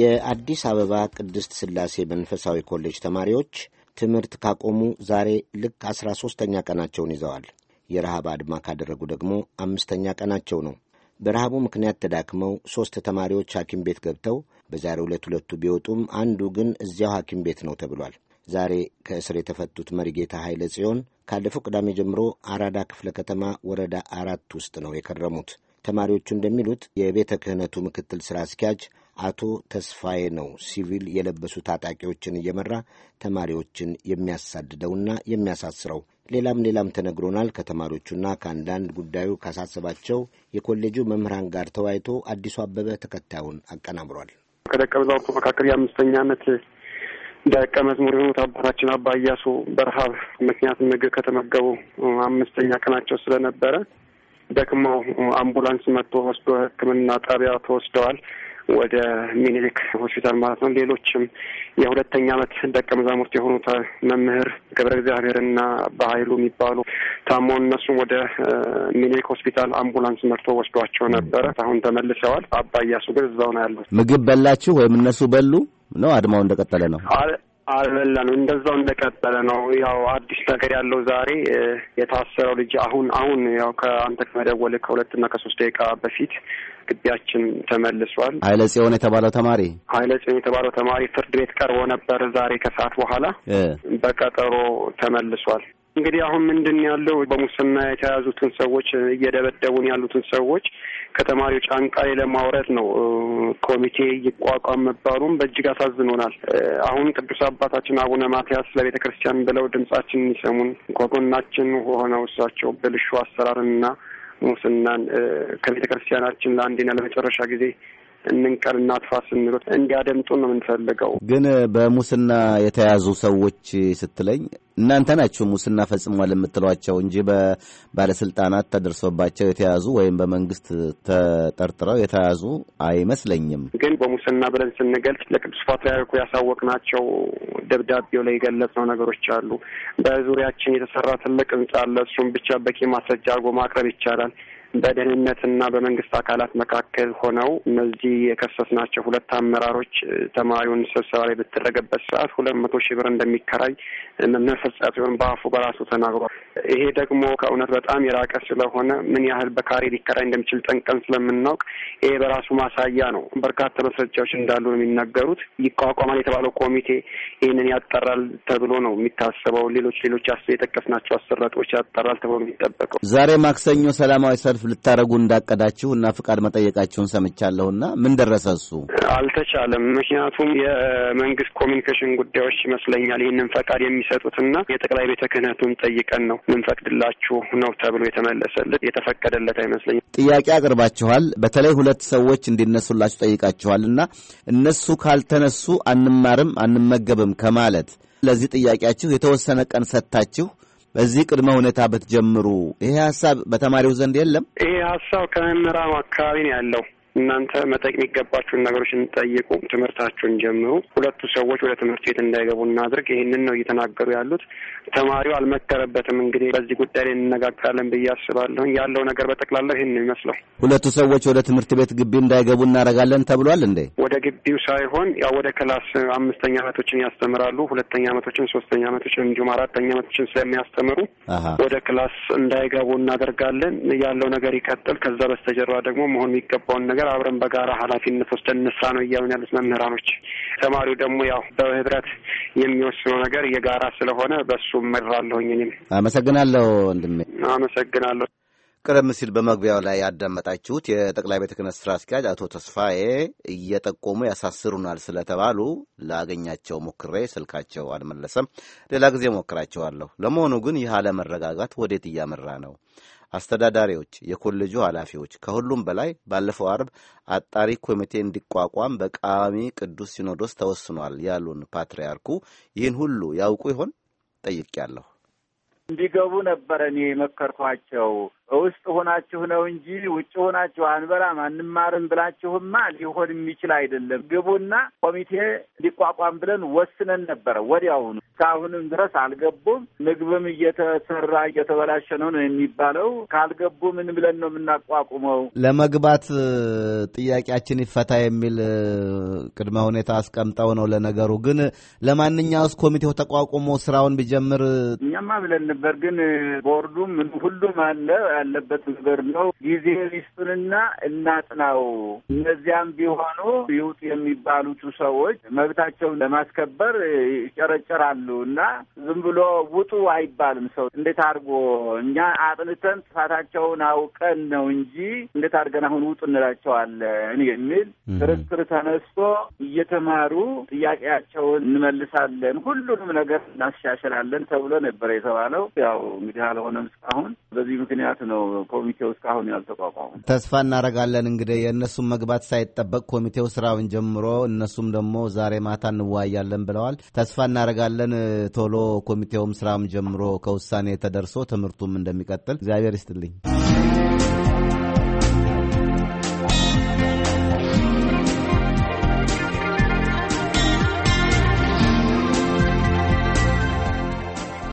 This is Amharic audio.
የአዲስ አበባ ቅድስት ስላሴ መንፈሳዊ ኮሌጅ ተማሪዎች ትምህርት ካቆሙ ዛሬ ልክ አስራ ሦስተኛ ቀናቸውን ይዘዋል። የረሃብ አድማ ካደረጉ ደግሞ አምስተኛ ቀናቸው ነው። በረሃቡ ምክንያት ተዳክመው ሦስት ተማሪዎች ሐኪም ቤት ገብተው በዛሬ ሁለት ሁለቱ ቢወጡም አንዱ ግን እዚያው ሐኪም ቤት ነው ተብሏል። ዛሬ ከእስር የተፈቱት መሪጌታ ኃይለ ጽዮን ካለፈው ቅዳሜ ጀምሮ አራዳ ክፍለ ከተማ ወረዳ አራት ውስጥ ነው የከረሙት። ተማሪዎቹ እንደሚሉት የቤተ ክህነቱ ምክትል ሥራ አስኪያጅ አቶ ተስፋዬ ነው ሲቪል የለበሱ ታጣቂዎችን እየመራ ተማሪዎችን የሚያሳድደውና የሚያሳስረው። ሌላም ሌላም ተነግሮናል። ከተማሪዎቹና ከአንዳንድ ጉዳዩ ካሳሰባቸው የኮሌጁ መምህራን ጋር ተወያይቶ አዲሱ አበበ ተከታዩን አቀናብሯል። ከደቀ መዛሙርቱ መካከል የአምስተኛ ዓመት ደቀ መዝሙር የሆኑት አባታችን አባ እያሱ በረሀብ ምክንያት ምግብ ከተመገቡ አምስተኛ ቀናቸው ስለነበረ ደክመው አምቡላንስ መጥቶ ወስዶ ሕክምና ጣቢያ ተወስደዋል። ወደ ሚኒሊክ ሆስፒታል ማለት ነው። ሌሎችም የሁለተኛ ዓመት ደቀ መዛሙርት የሆኑ መምህር ገብረ እግዚአብሔርና በሀይሉ የሚባሉ ታሞ እነሱም ወደ ሚኒሊክ ሆስፒታል አምቡላንስ መርቶ ወስዷቸው ነበረ። አሁን ተመልሰዋል። አባያሱ ግን እዛው ነው ያሉት። ምግብ በላችሁ ወይም እነሱ በሉ ነው? አድማው እንደቀጠለ ነው። አልበላንም። እንደዛው እንደቀጠለ ነው። ያው አዲስ ነገር ያለው ዛሬ የታሰረው ልጅ አሁን አሁን ያው ከአንተ ከመደወል ከሁለትና ከሶስት ደቂቃ በፊት ግቢያችን ተመልሷል። ኃይለ ጽዮን የተባለው ተማሪ ኃይለ ጽዮን የተባለው ተማሪ ፍርድ ቤት ቀርቦ ነበር ዛሬ ከሰዓት በኋላ በቀጠሮ ተመልሷል። እንግዲህ አሁን ምንድን ያለው በሙስና የተያዙትን ሰዎች እየደበደቡን ያሉትን ሰዎች ከተማሪው ጫንቃ ላይ ለማውረድ ነው ኮሚቴ ይቋቋም መባሉም በእጅግ አሳዝኖናል። አሁን ቅዱስ አባታችን አቡነ ማትያስ ለቤተ ክርስቲያን ብለው ድምጻችን ይሰሙን ከጎናችን ሆነው እሳቸው ብልሹ አሰራርና ሙስናን ከቤተ ክርስቲያናችን ለአንዴና ለመጨረሻ ጊዜ እንንቀል እናጥፋት ስንሉት እንዲያደምጡ ነው የምንፈልገው። ግን በሙስና የተያዙ ሰዎች ስትለኝ እናንተ ናችሁ ሙስና ፈጽሟል የምትሏቸው እንጂ በባለስልጣናት ተደርሶባቸው የተያዙ ወይም በመንግስት ተጠርጥረው የተያዙ አይመስለኝም። ግን በሙስና ብለን ስንገልጽ ለቅዱስ ፓትርያርኩ ያሳወቅናቸው ደብዳቤው ላይ የገለጽነው ነገሮች አሉ። በዙሪያችን የተሰራ ትልቅ ህንጻ አለ። እሱም ብቻ በቂ ማስረጃ አድርጎ ማቅረብ ይቻላል። በደህንነትና በመንግስት አካላት መካከል ሆነው እነዚህ የከሰስናቸው ሁለት አመራሮች ተማሪውን ስብሰባ ላይ በተደረገበት ሰዓት ሁለት መቶ ሺህ ብር እንደሚከራይ መምህር ፍጻሜውን በአፉ በራሱ ተናግሯል። ይሄ ደግሞ ከእውነት በጣም የራቀ ስለሆነ ምን ያህል በካሬ ሊከራይ እንደሚችል ጠንቀን ስለምናውቅ ይሄ በራሱ ማሳያ ነው። በርካታ መስረጃዎች እንዳሉ ነው የሚናገሩት። ይቋቋማል የተባለው ኮሚቴ ይህንን ያጠራል ተብሎ ነው የሚታሰበው። ሌሎች ሌሎች የጠቀስናቸው አሰራጦች ያጠራል ተብሎ ነው የሚጠበቀው። ዛሬ ማክሰኞ ሰላማዊ ሰልፍ ሰልፍ ልታደረጉ እንዳቀዳችሁ እና ፍቃድ መጠየቃችሁን ሰምቻለሁና ምን ደረሰ? እሱ አልተቻለም። ምክንያቱም የመንግስት ኮሚኒኬሽን ጉዳዮች ይመስለኛል ይህንን ፈቃድ የሚሰጡትና የጠቅላይ ቤተ ክህነቱን ጠይቀን ነው ምንፈቅድላችሁ ነው ተብሎ የተመለሰለት የተፈቀደለት አይመስለኝም። ጥያቄ አቅርባችኋል። በተለይ ሁለት ሰዎች እንዲነሱላችሁ ጠይቃችኋል እና እነሱ ካልተነሱ አንማርም አንመገብም ከማለት ለዚህ ጥያቄያችሁ የተወሰነ ቀን ሰጥታችሁ በዚህ ቅድመ ሁኔታ በትጀምሩ ይሄ ሀሳብ በተማሪው ዘንድ የለም። ይሄ ሀሳብ ከመምህራኑ አካባቢ ነው ያለው። እናንተ መጠቅ የሚገባችሁን ነገሮች እንጠይቁ፣ ትምህርታችሁን ጀምሩ፣ ሁለቱ ሰዎች ወደ ትምህርት ቤት እንዳይገቡ እናድርግ። ይህንን ነው እየተናገሩ ያሉት። ተማሪው አልመከረበትም። እንግዲህ በዚህ ጉዳይ ላይ እንነጋገራለን ብዬ አስባለሁ። ያለው ነገር በጠቅላላው ይህን ነው ይመስለው። ሁለቱ ሰዎች ወደ ትምህርት ቤት ግቢ እንዳይገቡ እናደርጋለን ተብሏል እንዴ? ወደ ግቢው ሳይሆን ያው ወደ ክላስ አምስተኛ አመቶችን ያስተምራሉ። ሁለተኛ አመቶችን፣ ሶስተኛ አመቶችን እንዲሁም አራተኛ አመቶችን ስለሚያስተምሩ ወደ ክላስ እንዳይገቡ እናደርጋለን። ያለው ነገር ይቀጥል። ከዛ በስተጀርባ ደግሞ መሆን የሚገባውን ነገር ነገር አብረን በጋራ ኃላፊነት ወስደን እንስራ ነው እያሉን ያሉት መምህራኖች። ተማሪው ደግሞ ያው በህብረት የሚወስነው ነገር የጋራ ስለሆነ በሱ መድራለሁኝ። እኔም አመሰግናለሁ ወንድሜ፣ አመሰግናለሁ። ቀደም ሲል በመግቢያው ላይ ያዳመጣችሁት የጠቅላይ ቤተ ክህነት ስራ አስኪያጅ አቶ ተስፋዬ እየጠቆሙ ያሳስሩናል ስለተባሉ ላገኛቸው ሞክሬ ስልካቸው አልመለሰም። ሌላ ጊዜ ሞክራቸዋለሁ። ለመሆኑ ግን ይህ አለመረጋጋት ወዴት እያመራ ነው? አስተዳዳሪዎች፣ የኮሌጁ ኃላፊዎች፣ ከሁሉም በላይ ባለፈው አርብ አጣሪ ኮሚቴ እንዲቋቋም በቃዋሚ ቅዱስ ሲኖዶስ ተወስኗል ያሉን ፓትርያርኩ ይህን ሁሉ ያውቁ ይሆን? ጠይቄያለሁ። እንዲገቡ ነበረ እኔ መከርኳቸው። ውስጥ ሆናችሁ ነው እንጂ ውጭ ሆናችሁ አንበላም አንማርም ብላችሁማ ሊሆን የሚችል አይደለም። ግቡና ኮሚቴ ሊቋቋም ብለን ወስነን ነበረ ወዲያውኑ። እስካሁንም ድረስ አልገቡም። ምግብም እየተሰራ እየተበላሸ ነው ነው የሚባለው። ካልገቡ ምን ብለን ነው የምናቋቁመው? ለመግባት ጥያቄያችን ይፈታ የሚል ቅድመ ሁኔታ አስቀምጠው ነው። ለነገሩ ግን ለማንኛውስ ኮሚቴው ተቋቁሞ ስራውን ቢጀምር እኛማ ብለን ነበር። ግን ቦርዱም ሁሉም አለ ያለበት ነገር ነው። ጊዜ እናት እናጥናው። እነዚያም ቢሆኑ ይውጡ የሚባሉት ሰዎች መብታቸውን ለማስከበር ይጨረጨራሉ እና ዝም ብሎ ውጡ አይባልም። ሰው እንዴት አድርጎ እኛ አጥንተን ጥፋታቸውን አውቀን ነው እንጂ እንዴት አድርገን አሁን ውጡ እንላቸዋለን የሚል ክርክር ተነስቶ እየተማሩ ጥያቄያቸውን እንመልሳለን፣ ሁሉንም ነገር እናስሻሽላለን ተብሎ ነበር የተባለው። ያው እንግዲህ አልሆነም እስካሁን። በዚህ ምክንያት ነው ኮሚቴው እስካሁን ያልተቋቋሙ። ተስፋ እናደርጋለን እንግዲህ የእነሱም መግባት ሳይጠበቅ ኮሚቴው ስራውን ጀምሮ እነሱም ደግሞ ዛሬ ማታ እንወያያለን ብለዋል። ተስፋ እናደርጋለን ቶሎ ኮሚቴውም ስራም ጀምሮ ከውሳኔ ተደርሶ ትምህርቱም እንደሚቀጥል እግዚአብሔር ይስጥልኝ።